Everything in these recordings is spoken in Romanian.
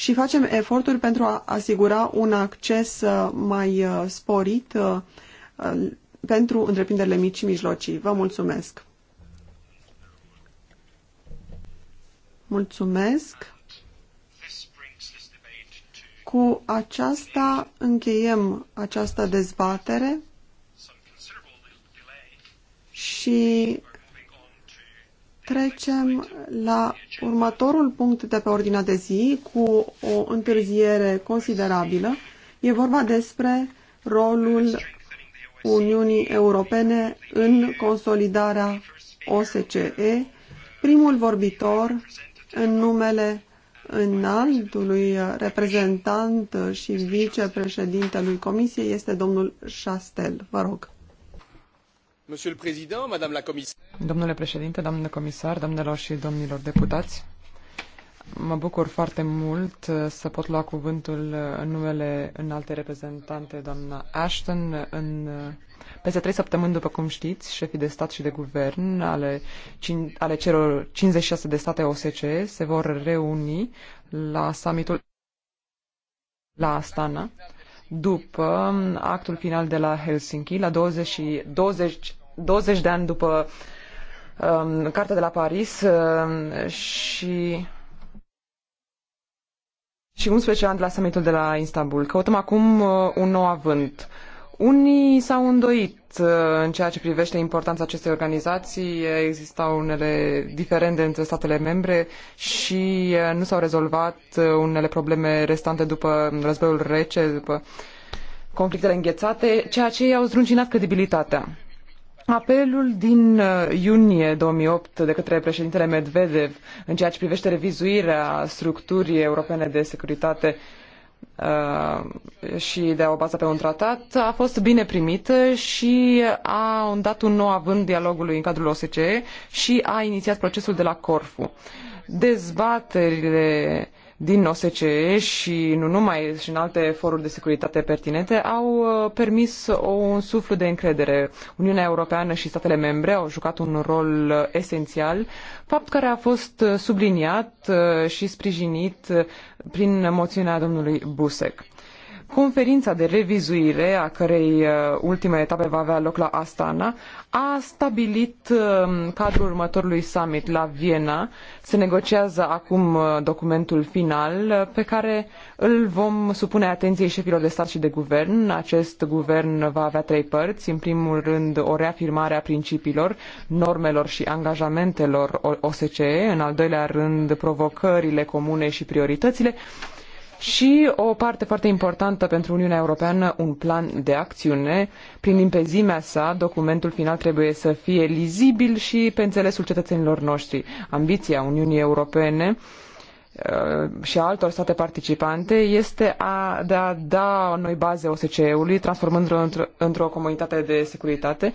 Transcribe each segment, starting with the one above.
și facem eforturi pentru a asigura un acces uh, mai uh, sporit uh, pentru întreprinderile mici și mijlocii. Vă mulțumesc! Mulțumesc! Cu aceasta încheiem această dezbatere și Trecem la următorul punct de pe ordinea de zi cu o întârziere considerabilă. E vorba despre rolul Uniunii Europene în consolidarea OSCE. Primul vorbitor în numele înaltului reprezentant și vicepreședintelui Comisiei este domnul Șastel. Vă rog. Domnule președinte, domnule comisar, domnilor și domnilor deputați, mă bucur foarte mult uh, să pot lua cuvântul uh, în numele înalte reprezentante, doamna Ashton, în uh, peste trei săptămâni, după cum știți, șefii de stat și de guvern ale, ale celor 56 de state OSCE se vor reuni la summitul la Astana după actul final de la Helsinki la 20, 20 20 de ani după um, Cartea de la Paris uh, și și 11 ani de la summitul de la Istanbul. Căutăm acum uh, un nou avânt. Unii s-au îndoit uh, în ceea ce privește importanța acestei organizații. Existau unele diferende între statele membre și uh, nu s-au rezolvat uh, unele probleme restante după războiul rece, după conflictele înghețate, ceea ce i-au zdruncinat credibilitatea. Apelul din uh, iunie 2008 de către președintele Medvedev în ceea ce privește revizuirea structurii europene de securitate uh, și de a o baza pe un tratat a fost bine primită și a dat un nou avânt dialogului în cadrul OSCE și a inițiat procesul de la Corfu dezbaterile din OSCE și nu numai, și în alte foruri de securitate pertinente, au uh, permis un suflu de încredere. Uniunea Europeană și statele membre au jucat un rol uh, esențial, fapt care a fost uh, subliniat și sprijinit prin moțiunea domnului Busec. Conferința de revizuire, a cărei uh, ultima etape va avea loc la Astana, a stabilit uh, cadrul următorului summit la Viena. Se negociază acum uh, documentul final pe care îl vom supune atenției șefilor de stat și de guvern. Acest guvern va avea trei părți. În primul rând, o reafirmare a principiilor, normelor și angajamentelor OSCE. În al doilea rând, provocările comune și prioritățile și o parte foarte importantă pentru Uniunea Europeană, un plan de acțiune. Prin limpezimea sa, documentul final trebuie să fie lizibil și pe înțelesul cetățenilor noștri. Ambiția Uniunii Europene uh, și a altor state participante este a, de a da noi baze OSCE-ului, transformând-o într-o într comunitate de securitate uh,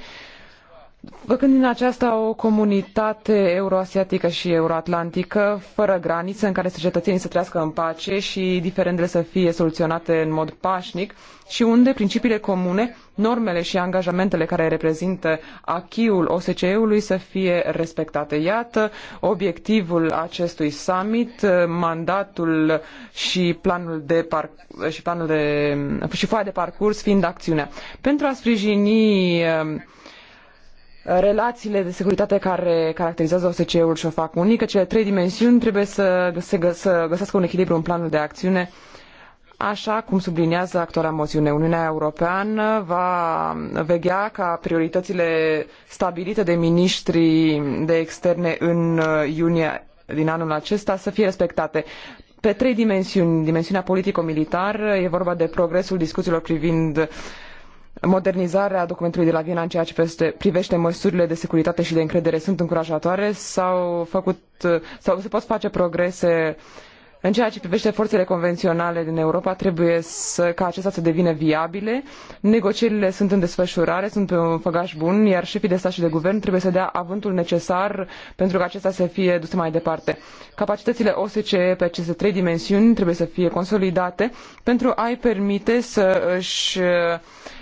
Făcând din aceasta o comunitate euroasiatică și euroatlantică, fără granițe, în care cetățenii să trăiască în pace și diferendele să fie soluționate în mod pașnic și unde principiile comune, normele și angajamentele care reprezintă achiul OSCE-ului să fie respectate. Iată obiectivul acestui summit, mandatul și planul de, par- și planul de și foaia de parcurs fiind acțiunea. Pentru a sprijini relațiile de securitate care caracterizează OSCE-ul i o fac unică, cele trei dimensiuni trebuie să, se gă, să găsească un echilibru în planul de acțiune Așa cum subliniază actuala moțiune, Uniunea Europeană va veghea ca prioritățile stabilite de ministrii de externe în uh, iunie din anul acesta să fie respectate. Pe trei dimensiuni, dimensiunea politico-militară, e vorba de progresul discuțiilor privind modernizarea documentului de la Viena în ceea ce privește măsurile de securitate și de încredere sunt încurajatoare? făcut, sau se pot face progrese în ceea ce privește forțele convenționale din Europa, trebuie să, ca acestea să devină viabile. Negocierile sunt în desfășurare, sunt pe un făgaș bun, iar șefii de stat și de guvern trebuie să dea avântul necesar pentru ca acestea să fie duse mai departe. Capacitățile OSCE pe aceste trei dimensiuni trebuie să fie consolidate pentru a-i permite să își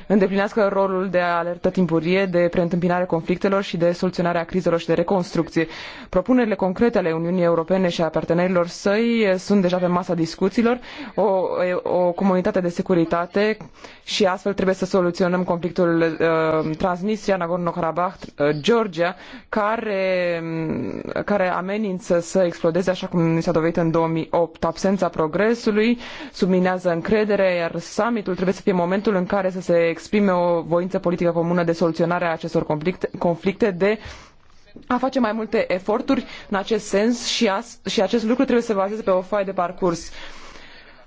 îndeplinească rolul de alertă timpurie, de preîntâmpinare conflictelor și de soluționare a crizelor și de reconstrucție. Propunerile concrete ale Uniunii Europene și a partenerilor săi sunt deja pe masa discuțiilor, o, o comunitate de securitate și astfel trebuie să soluționăm conflictul uh, Transnistria, Nagorno-Karabakh, uh, Georgia, care, mm, care amenință să explodeze așa cum ni s-a dovedit în 2008. Absența progresului subminează încrederea, iar summitul trebuie să fie momentul în care să se exprime o voință politică comună de soluționare a acestor conflicte, de a face mai multe eforturi în acest sens și, a, și acest lucru trebuie să se bazeze pe o foaie de parcurs. Uh,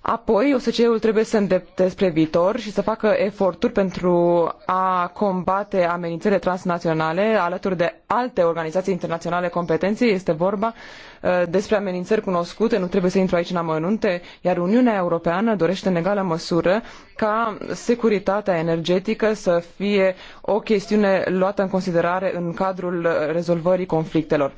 Apoi, OSCE-ul trebuie să îndrepte spre viitor și să facă eforturi pentru a combate amenințările transnaționale alături de alte organizații internaționale competente. Este vorba uh, despre amenințări cunoscute, nu trebuie să intru aici în amănunte, iar Uniunea Europeană dorește în egală măsură ca securitatea energetică să fie o chestiune luată în considerare în cadrul rezolvării conflictelor.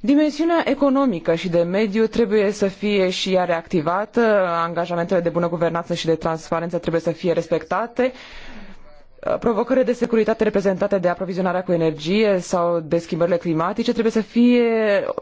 Dimensiunea economică și de mediu trebuie să fie și ea reactivată, angajamentele de bună guvernanță și de transparență trebuie să fie respectate, provocările de securitate reprezentate de aprovizionarea cu energie sau de schimbările climatice trebuie să fie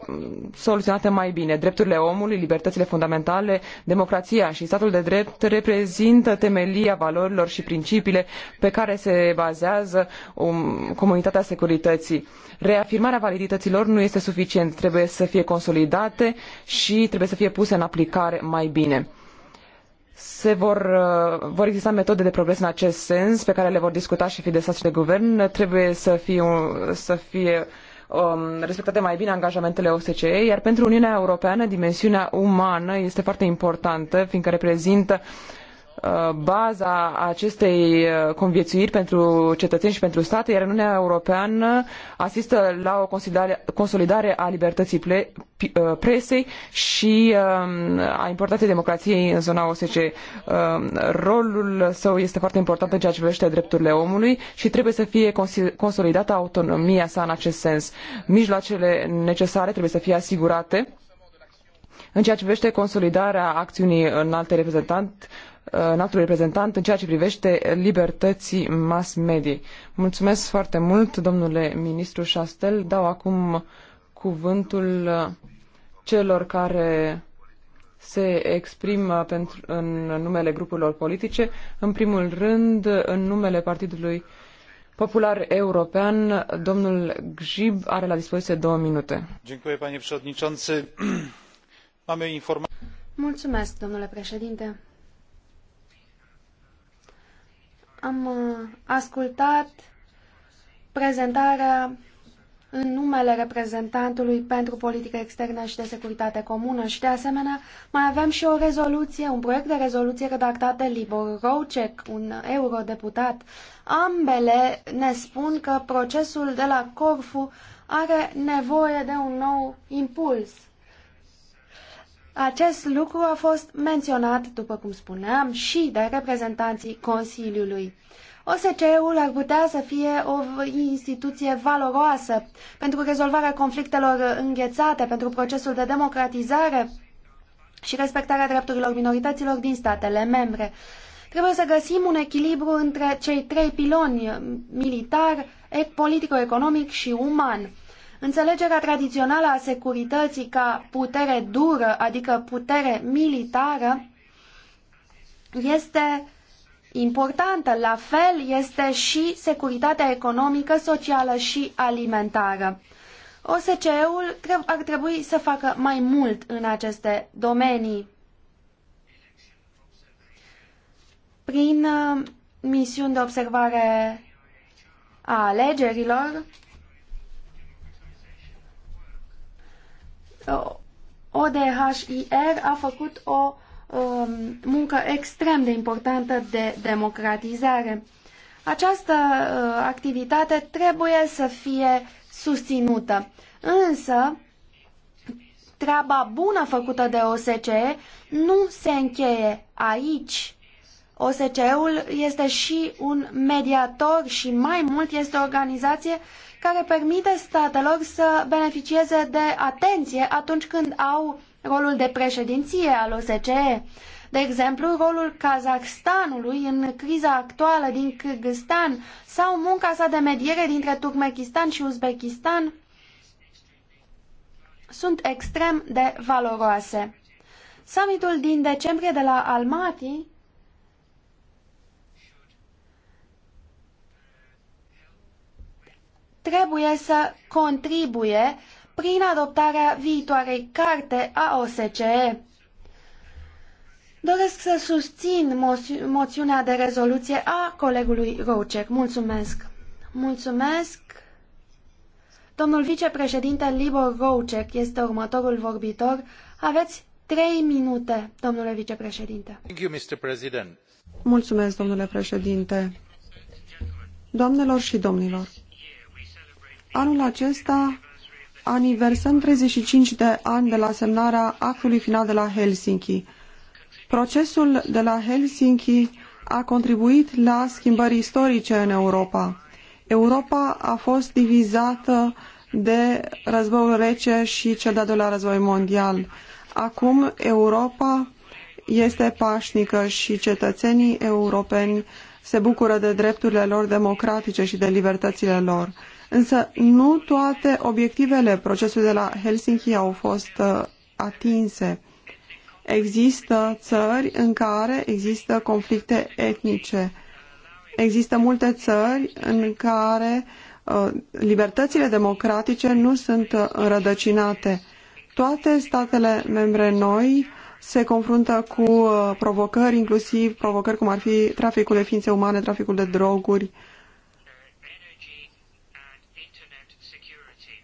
um, soluționate mai bine. Drepturile omului, libertățile fundamentale, democrația și statul de drept reprezintă temelia valorilor și principiile pe care se bazează um, comunitatea securității. Reafirmarea lor nu este suficient, trebuie să fie consolidate și trebuie să fie puse în aplicare mai bine se vor, uh, vor exista metode de progres în acest sens pe care le vor discuta șefii de stat de guvern. Trebuie să fie, să fie um, respectate mai bine angajamentele OSCE, iar pentru Uniunea Europeană dimensiunea umană este foarte importantă, fiindcă reprezintă uh, Uh, baza acestei uh, conviețuiri pentru cetățeni și pentru state, iar Uniunea Europeană asistă la o consolidare a libertății uh, presei și um, a importanței democrației în zona OSCE. Rolul său este foarte important în ceea ce privește drepturile omului și trebuie să fie consolidată autonomia sa în acest sens. Mijloacele necesare trebuie să fie asigurate în ceea ce privește consolidarea acțiunii în alte reprezentant, înaltul reprezentant în ceea ce privește libertății mass media. Mulțumesc foarte mult, domnule ministru Șastel. Dau acum cuvântul uh, celor care se exprimă pentru, în numele grupurilor politice. În primul rând, în numele Partidului Popular European, domnul Gjib are la dispoziție două minute. Mulțumesc, domnule președinte. am uh, ascultat prezentarea în numele reprezentantului pentru politică externă și de securitate comună și de asemenea mai avem și o rezoluție, un proiect de rezoluție redactat de Libor Roucek, un eurodeputat. Ambele ne spun că procesul de la Corfu are nevoie de un nou impuls. Acest lucru a fost menționat, după cum spuneam, și de reprezentanții Consiliului. OSCE-ul ar putea să fie o instituție valoroasă pentru rezolvarea conflictelor înghețate, pentru procesul de democratizare și respectarea drepturilor minorităților din statele membre. Trebuie să găsim un echilibru între cei trei piloni militar, politico-economic și uman. Înțelegerea tradițională a securității ca putere dură, adică putere militară, este importantă. La fel este și securitatea economică, socială și alimentară. OSCE-ul ar trebui să facă mai mult în aceste domenii. Prin uh, misiuni de observare a alegerilor, ODHIR a făcut o um, muncă extrem de importantă de democratizare. Această uh, activitate trebuie să fie susținută. Însă, treaba bună făcută de OSCE nu se încheie aici. OSCE-ul este și un mediator și mai mult este o organizație care permite statelor să beneficieze de atenție atunci când au rolul de președinție al OSCE. De exemplu, rolul Kazahstanului în criza actuală din Kyrgyzstan sau munca sa de mediere dintre Turkmenistan și Uzbekistan sunt extrem de valoroase. Summitul din decembrie de la Almaty trebuie să contribuie prin adoptarea viitoarei carte a OSCE. Doresc să susțin moți moțiunea de rezoluție a colegului Roucek. Mulțumesc! Mulțumesc! Domnul vicepreședinte Libor Roucek este următorul vorbitor. Aveți trei minute, domnule vicepreședinte. Mulțumesc, domnule președinte. Doamnelor și domnilor, Anul acesta aniversăm 35 de ani de la semnarea actului final de la Helsinki. Procesul de la Helsinki a contribuit la schimbări istorice în Europa. Europa a fost divizată de războiul rece și cel de-al doilea război mondial. Acum Europa este pașnică și cetățenii europeni se bucură de drepturile lor democratice și de libertățile lor. Însă nu toate obiectivele procesului de la Helsinki au fost uh, atinse. Există țări în care există conflicte etnice. Există multe țări în care uh, libertățile democratice nu sunt uh, înrădăcinate. Toate statele membre noi se confruntă cu uh, provocări, inclusiv provocări cum ar fi traficul de ființe umane, traficul de droguri, uh,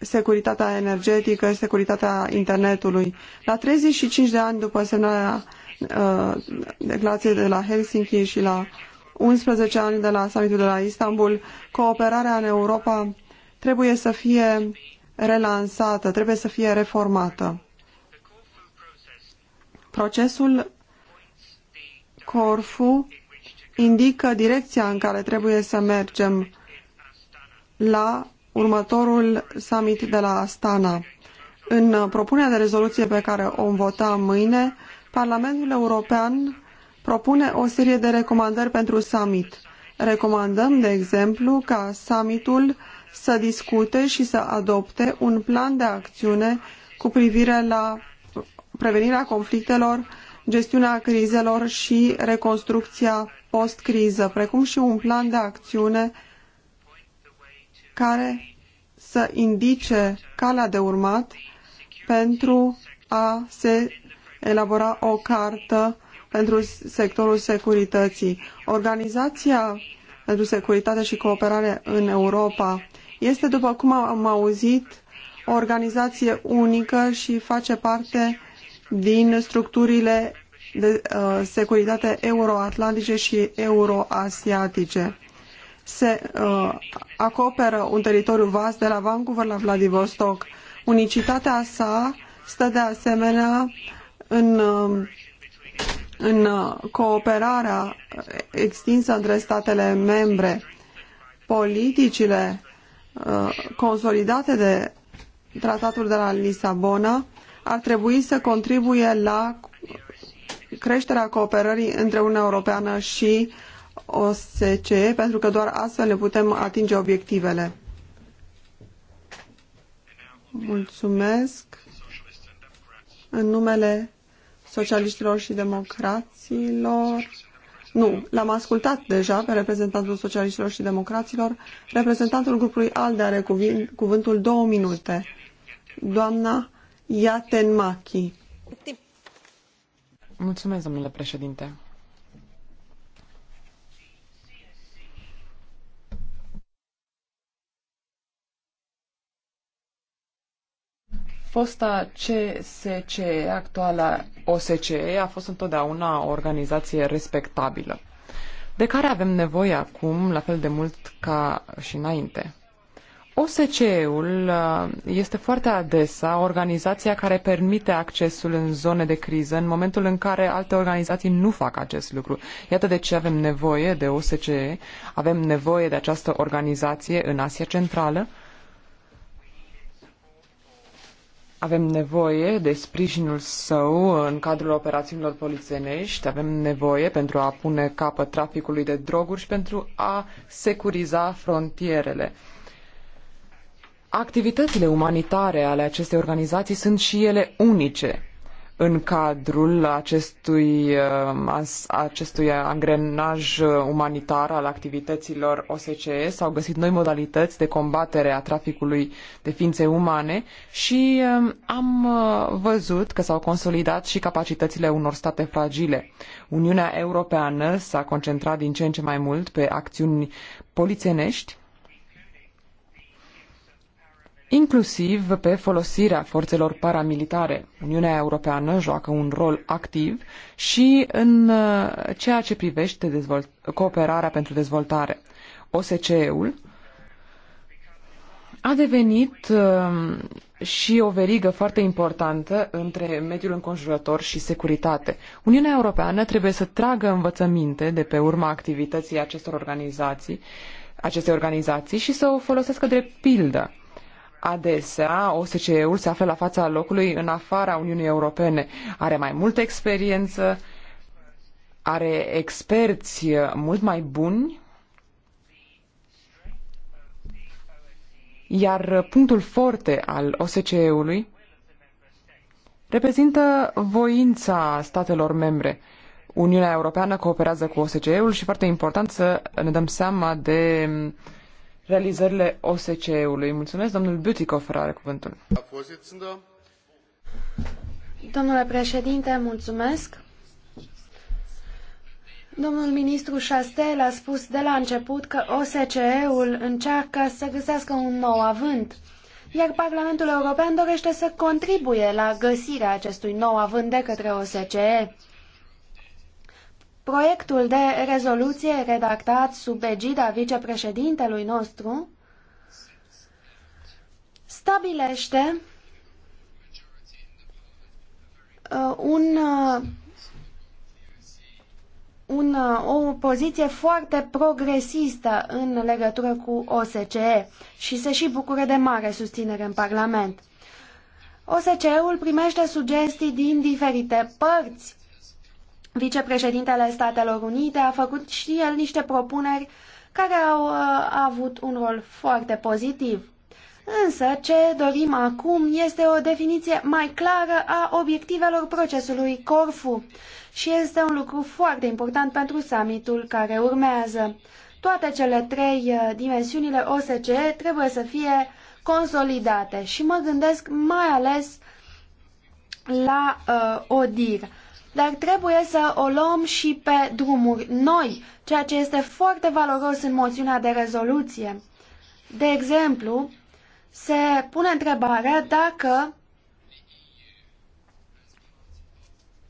securitatea energetică, securitatea internetului. La 35 de ani după semnarea uh, declarației de la Helsinki și la 11 ani de la summitul de la Istanbul, cooperarea în Europa trebuie să fie relansată, trebuie să fie reformată. Procesul Corfu indică direcția în care trebuie să mergem la următorul summit de la Astana. În propunerea de rezoluție pe care o vom vota mâine, Parlamentul European propune o serie de recomandări pentru summit. Recomandăm, de exemplu, ca summitul să discute și să adopte un plan de acțiune cu privire la prevenirea conflictelor, gestiunea crizelor și reconstrucția post-criză, precum și un plan de acțiune care să indice calea de urmat pentru a se elabora o cartă pentru sectorul securității. Organizația pentru securitate și cooperare în Europa este, după cum am auzit, o organizație unică și face parte din structurile de uh, securitate euroatlantice și euroasiatice se uh, acoperă un teritoriu vast de la Vancouver la Vladivostok. Unicitatea sa stă de asemenea în, um, în uh, cooperarea extinsă între statele membre. Politicile uh, consolidate de tratatul de la Lisabona ar trebui să contribuie la creșterea cooperării între Uniunea Europeană și uh, OSCE, pentru că doar astfel ne putem atinge obiectivele. Mulțumesc. În numele socialiștilor și democraților. Nu, l-am ascultat deja pe reprezentantul socialiștilor și democraților. Reprezentantul grupului ALDE are cuvântul două minute. Doamna Machi. Mulțumesc, domnule președinte. Fosta CSCE, actuala OSCE, a fost întotdeauna o organizație respectabilă, de care avem nevoie acum la fel de mult ca și înainte. OSCE-ul uh, este foarte adesea organizația care permite accesul în zone de criză în momentul în care alte organizații nu fac acest lucru. Iată de ce avem nevoie de OSCE, avem nevoie de această organizație în Asia Centrală, Avem nevoie de sprijinul său în cadrul operațiunilor polițienești, avem nevoie pentru a pune capăt traficului de droguri și pentru a securiza frontierele. Activitățile umanitare ale acestei organizații sunt și ele unice în cadrul acestui, uh, acestui angrenaj umanitar al activităților OSCE s-au găsit noi modalități de combatere a traficului de ființe umane și um, am uh, văzut că s-au consolidat și capacitățile unor state fragile. Uniunea Europeană s-a concentrat din ce în ce mai mult pe acțiuni polițenești inclusiv pe folosirea forțelor paramilitare. Uniunea Europeană joacă un rol activ și în uh, ceea ce privește cooperarea pentru dezvoltare. OSCE-ul a devenit um, și o verigă foarte importantă între mediul înconjurător și securitate. Uniunea Europeană trebuie să tragă învățăminte de pe urma activității acestor organizații, aceste organizații și să o folosească drept pildă Adesea, OSCE-ul se află la fața locului în afara Uniunii Europene. Are mai multă experiență, are experți mult mai buni, iar punctul forte al OSCE-ului reprezintă voința statelor membre. Uniunea Europeană cooperează cu OSCE-ul și foarte important să ne dăm seama de uh, realizările OSCE-ului. Mulțumesc, domnul Butikofer are cuvântul. Domnule președinte, mulțumesc. Domnul ministru Chastel a spus de la început că OSCE-ul încearcă să găsească un nou avânt, iar Parlamentul European dorește să contribuie la găsirea acestui nou avânt de către OSCE. Proiectul de rezoluție redactat sub egida vicepreședintelui nostru stabilește uh, un, uh, un, uh, o poziție foarte progresistă în legătură cu OSCE și se și bucură de mare susținere în Parlament. OSCE-ul primește sugestii din diferite părți Vicepreședintele Statelor Unite a făcut și el niște propuneri care au uh, avut un rol foarte pozitiv. Însă, ce dorim acum este o definiție mai clară a obiectivelor procesului Corfu și este un lucru foarte important pentru summitul care urmează. Toate cele trei uh, dimensiunile OSCE trebuie să fie consolidate și mă gândesc mai ales la uh, ODIR dar trebuie să o luăm și pe drumuri noi, ceea ce este foarte valoros în moțiunea de rezoluție. De exemplu, se pune întrebarea dacă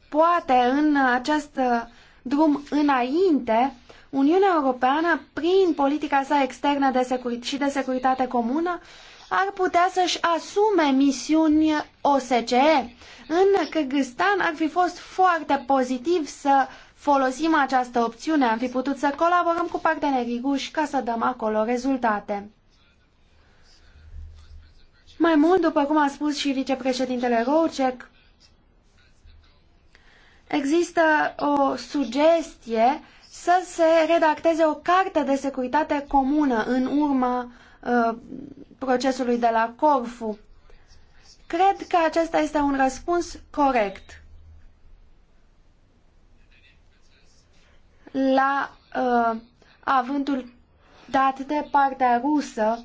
poate în acest drum înainte Uniunea Europeană, prin politica sa externă de și de securitate comună, ar putea să-și asume misiuni OSCE. În Kyrgyzstan ar fi fost foarte pozitiv să folosim această opțiune, am fi putut să colaborăm cu partenerii ruși ca să dăm acolo rezultate. Mai mult, după cum a spus și vicepreședintele Roucek, există o sugestie să se redacteze o carte de securitate comună în urma uh, procesului de la Corfu. Cred că acesta este un răspuns corect la uh, avântul dat de partea rusă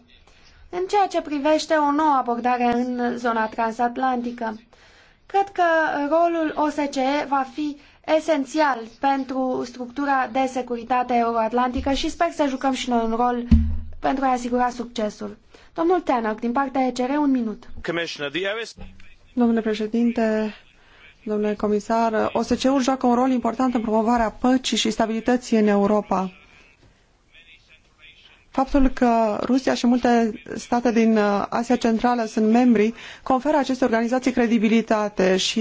în ceea ce privește o nouă abordare în zona transatlantică. Cred că rolul OSCE va fi esențial pentru structura de securitate euroatlantică și sper să jucăm și noi un rol pentru a asigura succesul. Domnul Tannock, din partea ECR, un minut. Domnule președinte, domnule comisar, OSCE-ul joacă un rol important în promovarea păcii și stabilității în Europa. Faptul că Rusia și multe state din uh, Asia Centrală sunt membri conferă acestei organizații credibilitate și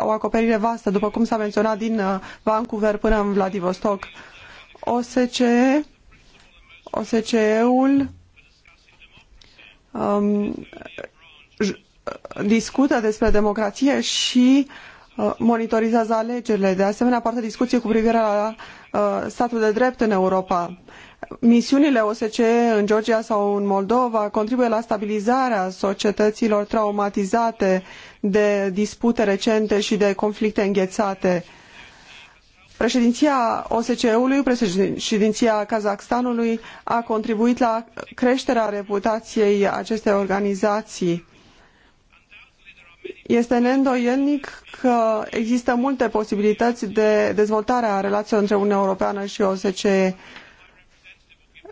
o uh, acoperire vastă, după cum s-a menționat din uh, Vancouver până în Vladivostok. OSCE OSCE-ul um, discută despre democrație și uh, monitorizează alegerile. De asemenea, poartă discuție cu privire la uh, statul de drept în Europa. Misiunile OSCE în Georgia sau în Moldova contribuie la stabilizarea societăților traumatizate de dispute recente și de conflicte înghețate. Președinția OSCE-ului, președinția Kazakhstanului a contribuit la creșterea reputației acestei organizații. Este neîndoielnic că există multe posibilități de dezvoltare a relațiilor între Uniunea Europeană și OSCE.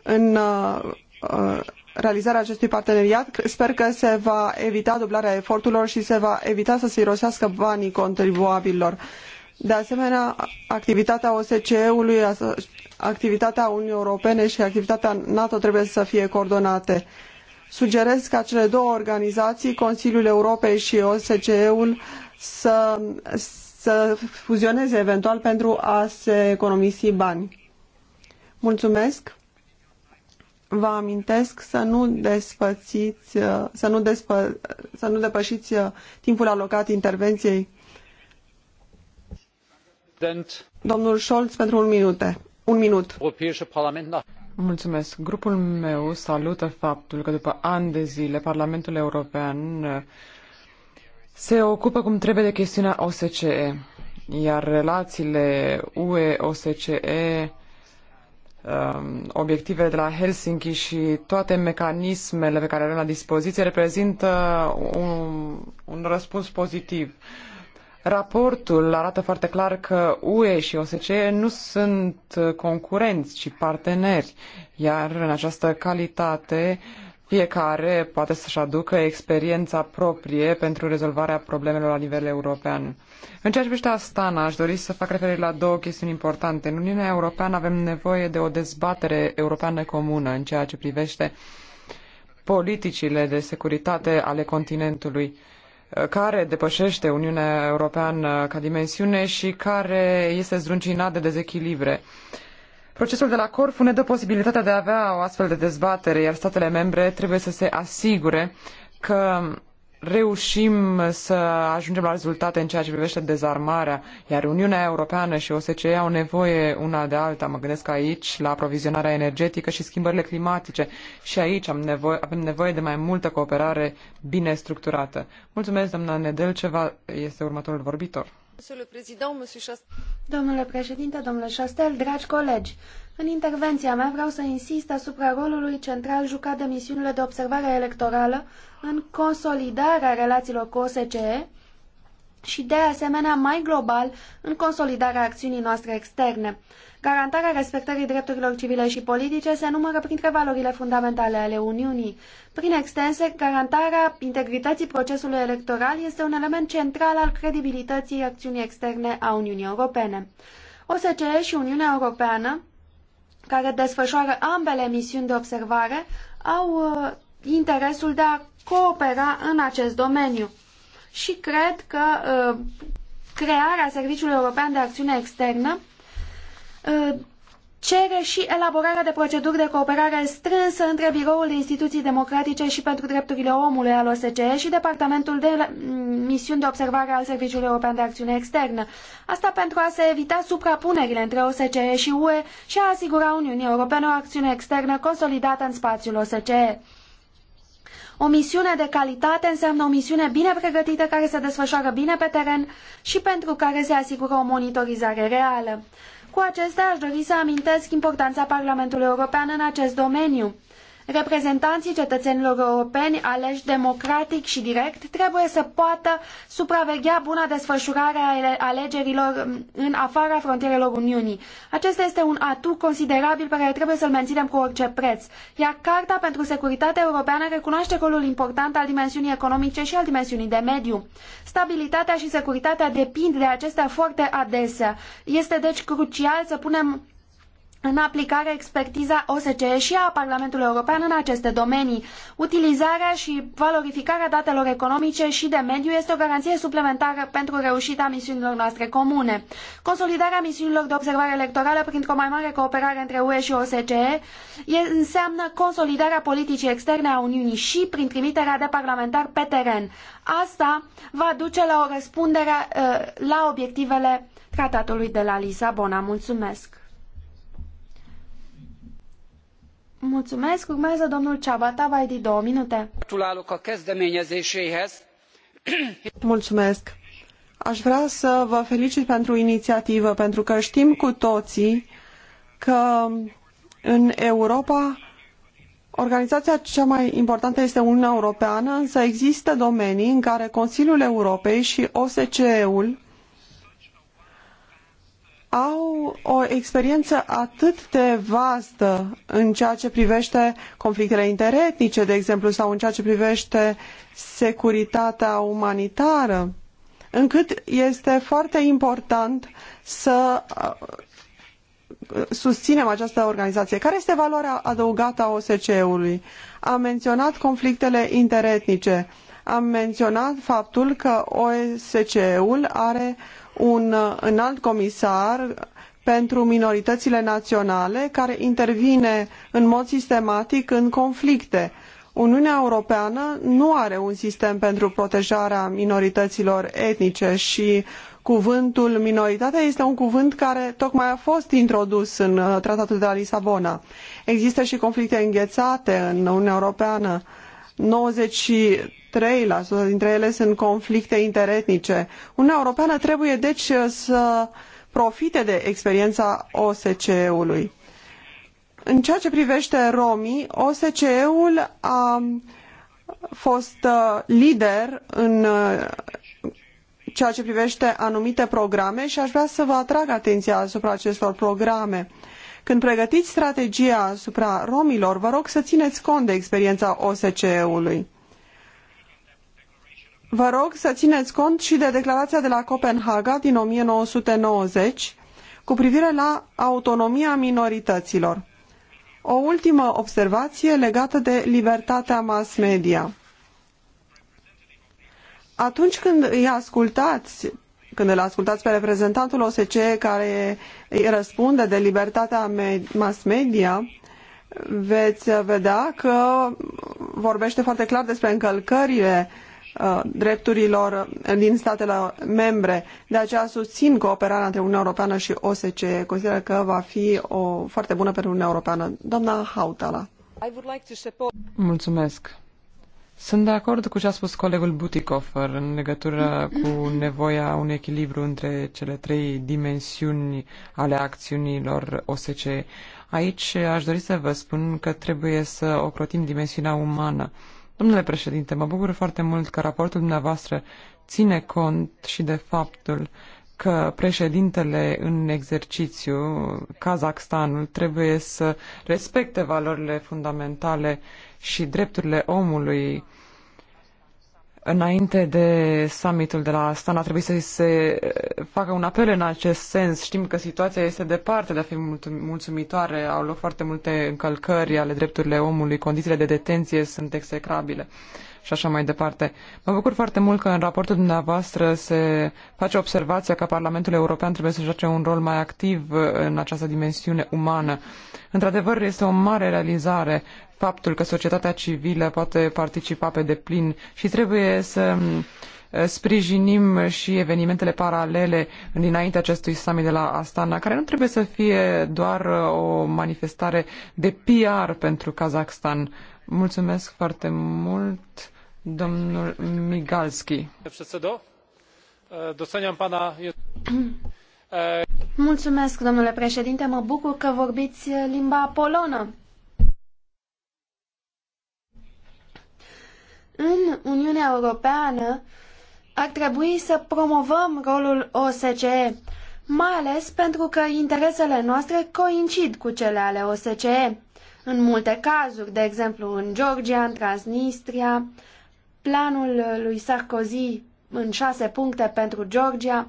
În uh, realizarea acestui parteneriat, sper că se va evita dublarea eforturilor și se va evita să se irosească banii contribuabililor. De asemenea, activitatea OSCE-ului, activitatea Uniunii Europene și activitatea NATO trebuie să fie coordonate. Sugerez ca cele două organizații, Consiliul Europei și OSCE-ul, să, să fuzioneze eventual pentru a se economisi bani. Mulțumesc! Vă amintesc să nu despățiți, să nu, despă, să nu depășiți timpul alocat intervenției pentru un, minut. Mulțumesc. Grupul meu salută faptul că după ani de zile Parlamentul European uh, se ocupă cum trebuie de chestiunea OSCE, iar relațiile UE-OSCE, uh, obiectivele de la Helsinki și toate mecanismele pe care le avem la dispoziție reprezintă un, răspuns pozitiv. Raportul arată foarte clar că UE și OSCE nu sunt concurenți, ci parteneri, iar în această calitate fiecare poate să-și aducă experiența proprie pentru rezolvarea problemelor la nivel european. În ceea ce privește Astana, aș dori să fac referire la două chestiuni importante. În Uniunea Europeană avem nevoie de o dezbatere europeană comună în ceea ce privește politicile de securitate ale continentului care depășește Uniunea Europeană ca dimensiune și care este zdruncinat de dezechilibre. Procesul de la Corfu ne dă posibilitatea de a avea o astfel de dezbatere, iar statele membre trebuie să se asigure că reușim să ajungem la rezultate în ceea ce privește dezarmarea, iar Uniunea Europeană și OSCE au nevoie una de alta. Mă gândesc aici la aprovizionarea energetică și schimbările climatice și aici am nevoie, avem nevoie de mai multă cooperare bine structurată. Mulțumesc, doamna Nedelceva, este următorul vorbitor. Domnule președinte, domnule Chastel, dragi colegi, în intervenția mea vreau să insist asupra rolului central jucat de misiunile de observare electorală în consolidarea relațiilor cu OSCE și, de asemenea, mai global, în consolidarea acțiunii noastre externe. Garantarea respectării drepturilor civile și politice se numără printre valorile fundamentale ale Uniunii. Prin extensie, garantarea integrității procesului electoral este un element central al credibilității acțiunii externe a Uniunii Europene. OSCE și Uniunea Europeană, care desfășoară ambele misiuni de observare, au uh, interesul de a coopera în acest domeniu și cred că uh, crearea Serviciului European de Acțiune Externă uh, cere și elaborarea de proceduri de cooperare strânsă între Biroul de Instituții Democratice și pentru Drepturile Omului al OSCE și Departamentul de mm, Misiuni de Observare al Serviciului European de Acțiune Externă. Asta pentru a se evita suprapunerile între OSCE și UE și a asigura Uniunii Europene o acțiune externă consolidată în spațiul OSCE. O misiune de calitate înseamnă o misiune bine pregătită care se desfășoară bine pe teren și pentru care se asigură o monitorizare reală. Cu acestea aș dori să amintesc importanța Parlamentului European în acest domeniu. Reprezentanții cetățenilor europeni aleși democratic și direct trebuie să poată supraveghea buna desfășurare a alegerilor mm, în afara frontierelor Uniunii. Acesta este un atu considerabil pe care trebuie să-l menținem cu orice preț. Iar Carta pentru Securitatea Europeană recunoaște rolul important al dimensiunii economice și al dimensiunii de mediu. Stabilitatea și securitatea depind de acestea foarte adesea. Este deci crucial să punem în aplicare expertiza OSCE și a Parlamentului European în aceste domenii. Utilizarea și valorificarea datelor economice și de mediu este o garanție suplimentară pentru reușita misiunilor noastre comune. Consolidarea misiunilor de observare electorală printr-o mai mare cooperare între UE și OSCE înseamnă consolidarea politicii externe a Uniunii și prin trimiterea de parlamentari pe teren. Asta va duce la o răspundere uh, la obiectivele tratatului de la Lisabona. Mulțumesc! Mulțumesc. Urmează domnul Ceabata, Vaidi, două minute. Mulțumesc. Aș vrea să vă felicit pentru inițiativă, pentru că știm cu toții că în Europa organizația cea mai importantă este Uniunea Europeană, însă există domenii în care Consiliul Europei și OSCE-ul au o experiență atât de vastă în ceea ce privește conflictele interetnice, de exemplu, sau în ceea ce privește securitatea umanitară, încât este foarte important să uh, susținem această organizație. Care este valoarea adăugată a OSCE-ului? Am menționat conflictele interetnice am menționat faptul că OSCE-ul are un uh, înalt comisar pentru minoritățile naționale care intervine în mod sistematic în conflicte. Uniunea Europeană nu are un sistem pentru protejarea minorităților etnice și cuvântul minoritate este un cuvânt care tocmai a fost introdus în uh, tratatul de la Lisabona. Există și conflicte înghețate în Uniunea Europeană. 90 3% dintre ele sunt conflicte interetnice. Uniunea Europeană trebuie deci să profite de experiența OSCE-ului. În ceea ce privește romii, OSCE-ul a fost uh, lider în uh, ceea ce privește anumite programe și aș vrea să vă atrag atenția asupra acestor programe. Când pregătiți strategia asupra romilor, vă rog să țineți cont de experiența OSCE-ului. Vă rog să țineți cont și de declarația de la Copenhaga din 1990 cu privire la autonomia minorităților. O ultimă observație legată de libertatea mass media. Atunci când îi ascultați când îl ascultați pe reprezentantul OSCE care îi răspunde de libertatea mass media, veți vedea că vorbește foarte clar despre încălcările Uh, drepturilor din statele membre. De aceea susțin cooperarea între Uniunea Europeană și OSCE. Consider că va fi o foarte bună pentru Uniunea Europeană. Doamna Hautala. Mulțumesc. Sunt de acord cu ce a spus colegul Butikofer în legătură cu nevoia unui echilibru între cele trei dimensiuni ale acțiunilor OSCE. Aici aș dori să vă spun că trebuie să ocrotim dimensiunea umană. Domnule președinte, mă bucur foarte mult că raportul dumneavoastră ține cont și de faptul că președintele în exercițiu, Kazakhstanul, trebuie să respecte valorile fundamentale și drepturile omului înainte de summitul de la Astana trebuie să se eh, facă un apel în acest sens. Știm că situația este departe de a fi mulțumitoare, au loc foarte multe încălcări ale drepturilor omului, condițiile de detenție sunt execrabile și așa mai departe. Mă bucur foarte mult că în raportul dumneavoastră se face observația că Parlamentul European trebuie să joace un rol mai activ în această dimensiune umană. Într-adevăr, este o mare realizare faptul că societatea civilă poate participa pe deplin și trebuie să mm, sprijinim și evenimentele paralele dinainte acestui summit de la Astana, care nu trebuie să fie doar uh, o manifestare de PR pentru Kazakhstan. Mulțumesc foarte mult. Migalski. domnule președinte. Mă bucur că vorbiți limba polonă. În Uniunea Europeană ar trebui să promovăm rolul OSCE, mai ales pentru că interesele noastre coincid cu cele ale OSCE. În multe cazuri, de exemplu în Georgia, în Transnistria, planul lui Sarkozy în șase puncte pentru Georgia.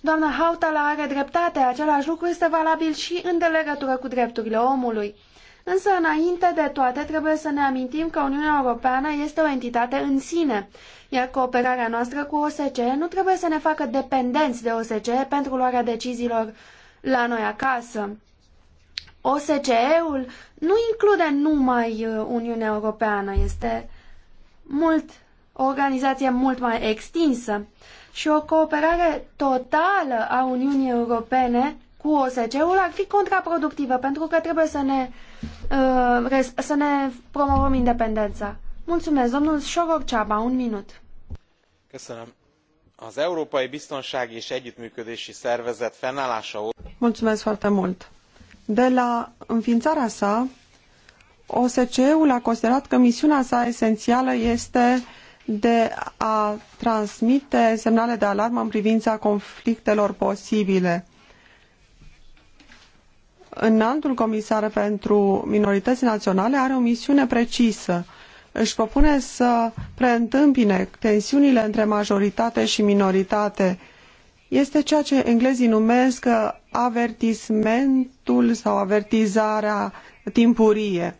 Doamna Hautala are dreptate, același lucru este valabil și în delegătură cu drepturile omului. Însă, înainte de toate, trebuie să ne amintim că Uniunea Europeană este o entitate în sine, iar cooperarea noastră cu OSCE nu trebuie să ne facă dependenți de OSCE pentru luarea deciziilor la noi acasă. OSCE-ul nu include numai uh, Uniunea Europeană, este mult o organizație mult mai extinsă și o cooperare totală a Uniunii Europene cu OSCE-ul ar fi contraproductivă, pentru că trebuie să ne, uh, să ne promovăm independența. Mulțumesc, domnul Șoror Ceaba, un minut. Köszönöm. Az Európai Biztonsági és Együttműködési Szervezet fennállása óta... Mulțumesc foarte mult. De la înființarea sa, OSCE-ul a considerat că misiunea sa esențială este de a transmite semnale de alarmă în privința conflictelor posibile. Înaltul comisar pentru minorități naționale are o misiune precisă. Își propune să preîntâmpine tensiunile între majoritate și minoritate. Este ceea ce englezii numesc avertismentul sau avertizarea timpurie.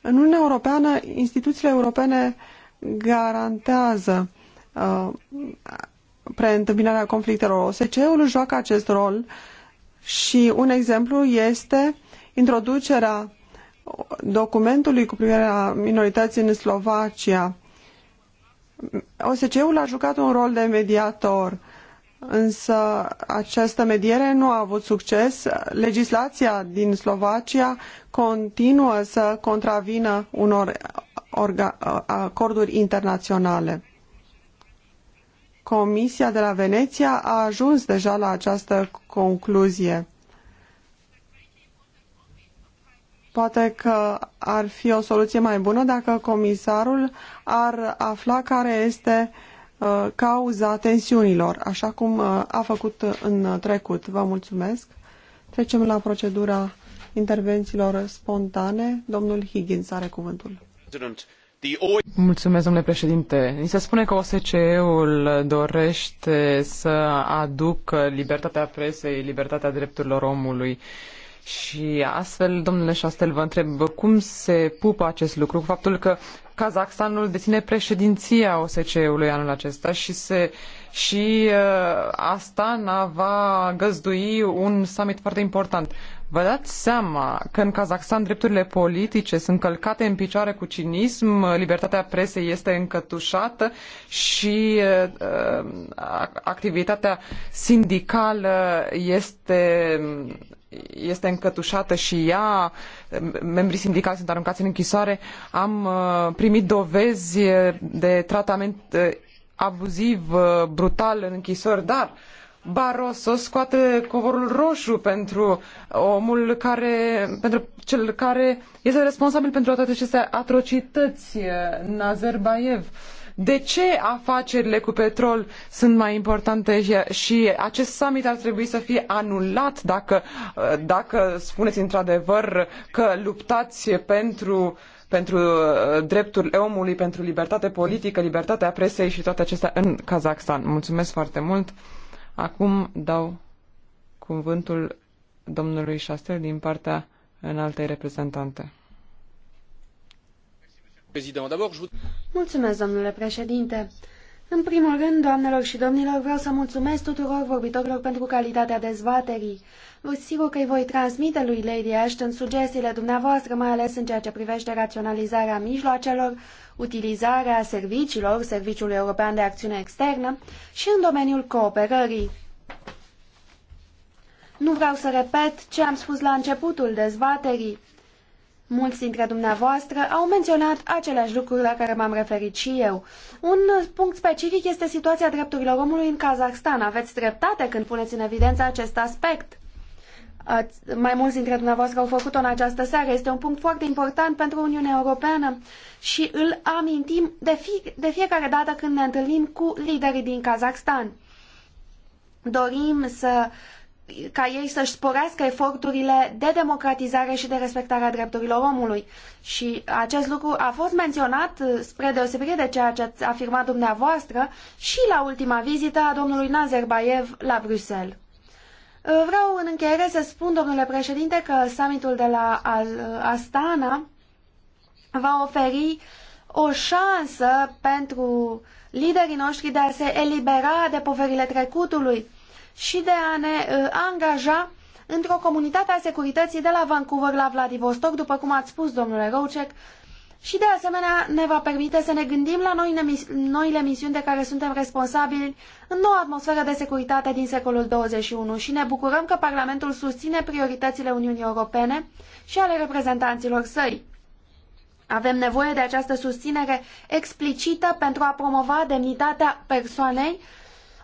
În Uniunea Europeană, instituțiile europene garantează uh, preîntâmpinarea conflictelor. OSCE-ul joacă acest rol și un exemplu este introducerea documentului cu privire la minorității în Slovacia. OSCE-ul a jucat un rol de mediator, însă această mediere nu a avut succes. Legislația din Slovacia continuă să contravină unor acorduri internaționale. Comisia de la Veneția a ajuns deja la această concluzie. Poate că ar fi o soluție mai bună dacă comisarul ar afla care este cauza tensiunilor, așa cum a făcut în trecut. Vă mulțumesc. Trecem la procedura intervențiilor spontane. Domnul Higgins are cuvântul. Mulțumesc, președinte. se spune că OSCE-ul dorește să aducă libertatea presei, libertatea drepturilor omului. Și astfel, domnule Șastel, vă întreb cum se pupă acest lucru cu faptul că Kazakhstanul deține președinția OSCE-ului anul acesta și, se, și uh, Astana va găzdui un summit foarte important. Vă dați seama că în Kazakhstan drepturile politice sunt călcate în picioare cu cinism, libertatea presei este încătușată și uh, uh activitatea sindicală este este încătușată și ea, membrii sindicali sunt aruncați în închisoare, am uh, primit dovezi de tratament uh, abuziv, brutal în închisori, dar uh, Barroso scoate covorul roșu pentru omul care, pentru cel care este responsabil pentru toate aceste atrocități eh, în De ce afacerile cu petrol sunt mai importante și acest summit ar trebui să fie anulat dacă, eh, dacă spuneți într-adevăr că luptați pentru pentru eh, drepturile omului, pentru libertate politică, libertatea presei și toate acestea în Kazakhstan. Mulțumesc foarte mult! Acum dau cuvântul domnului Șastel din partea înaltei reprezentante. Mulțumesc, domnule președinte. În primul rând, doamnelor și domnilor, vreau să mulțumesc tuturor vorbitorilor pentru calitatea dezbaterii. Vă sigur că îi voi transmite lui Lady Ashton sugestiile dumneavoastră, mai ales în ceea ce privește raționalizarea mijloacelor, utilizarea serviciilor, Serviciul European de Acțiune Externă și în domeniul cooperării. Nu vreau să repet ce am spus la începutul dezbaterii. Mulți dintre dumneavoastră au menționat aceleași lucruri la care m-am referit și eu. Un punct specific este situația drepturilor omului în Kazahstan. Aveți dreptate când puneți în evidență acest aspect. Ați, mai mulți dintre dumneavoastră au făcut-o în această seară. Este un punct foarte important pentru Uniunea Europeană și îl amintim de, fi, de fiecare dată când ne întâlnim cu liderii din Kazahstan. Dorim să ca ei să-și sporească eforturile de democratizare și de respectarea drepturilor omului. Și acest lucru a fost menționat uh, spre deosebire de ceea ce ați afirmat dumneavoastră și la ultima vizită a domnului Nazarbayev la Bruxelles. Uh, vreau în încheiere să spun, domnule președinte, că summitul de la uh, Astana va oferi o șansă pentru liderii noștri de a se elibera de poverile trecutului și de a ne uh, angaja într-o comunitate a securității de la Vancouver la Vladivostok, după cum ați spus, domnule Roucek, și de asemenea ne va permite să ne gândim la noi, noile misiuni de care suntem responsabili în noua atmosferă de securitate din secolul 21 și ne bucurăm că Parlamentul susține prioritățile Uniunii Europene și ale reprezentanților săi. Avem nevoie de această susținere explicită pentru a promova demnitatea persoanei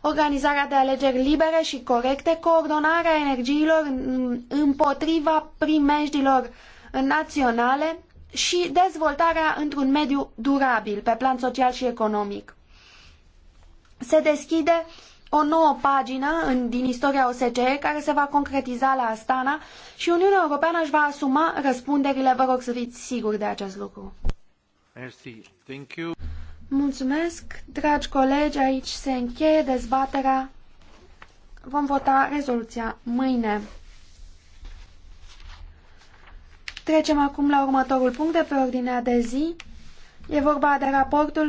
organizarea de alegeri libere și corecte, coordonarea energiilor împotriva primejdilor naționale și dezvoltarea într-un mediu durabil pe plan social și economic. Se deschide o nouă pagină în, din istoria OSCE care se va concretiza la Astana și Uniunea Europeană își va asuma răspunderile. Vă rog să fiți siguri de acest lucru. Merci. Thank you. Mulțumesc, dragi colegi, aici se încheie dezbaterea. Vom vota rezoluția mâine. Trecem acum la următorul punct de pe ordinea de zi. E vorba de raportul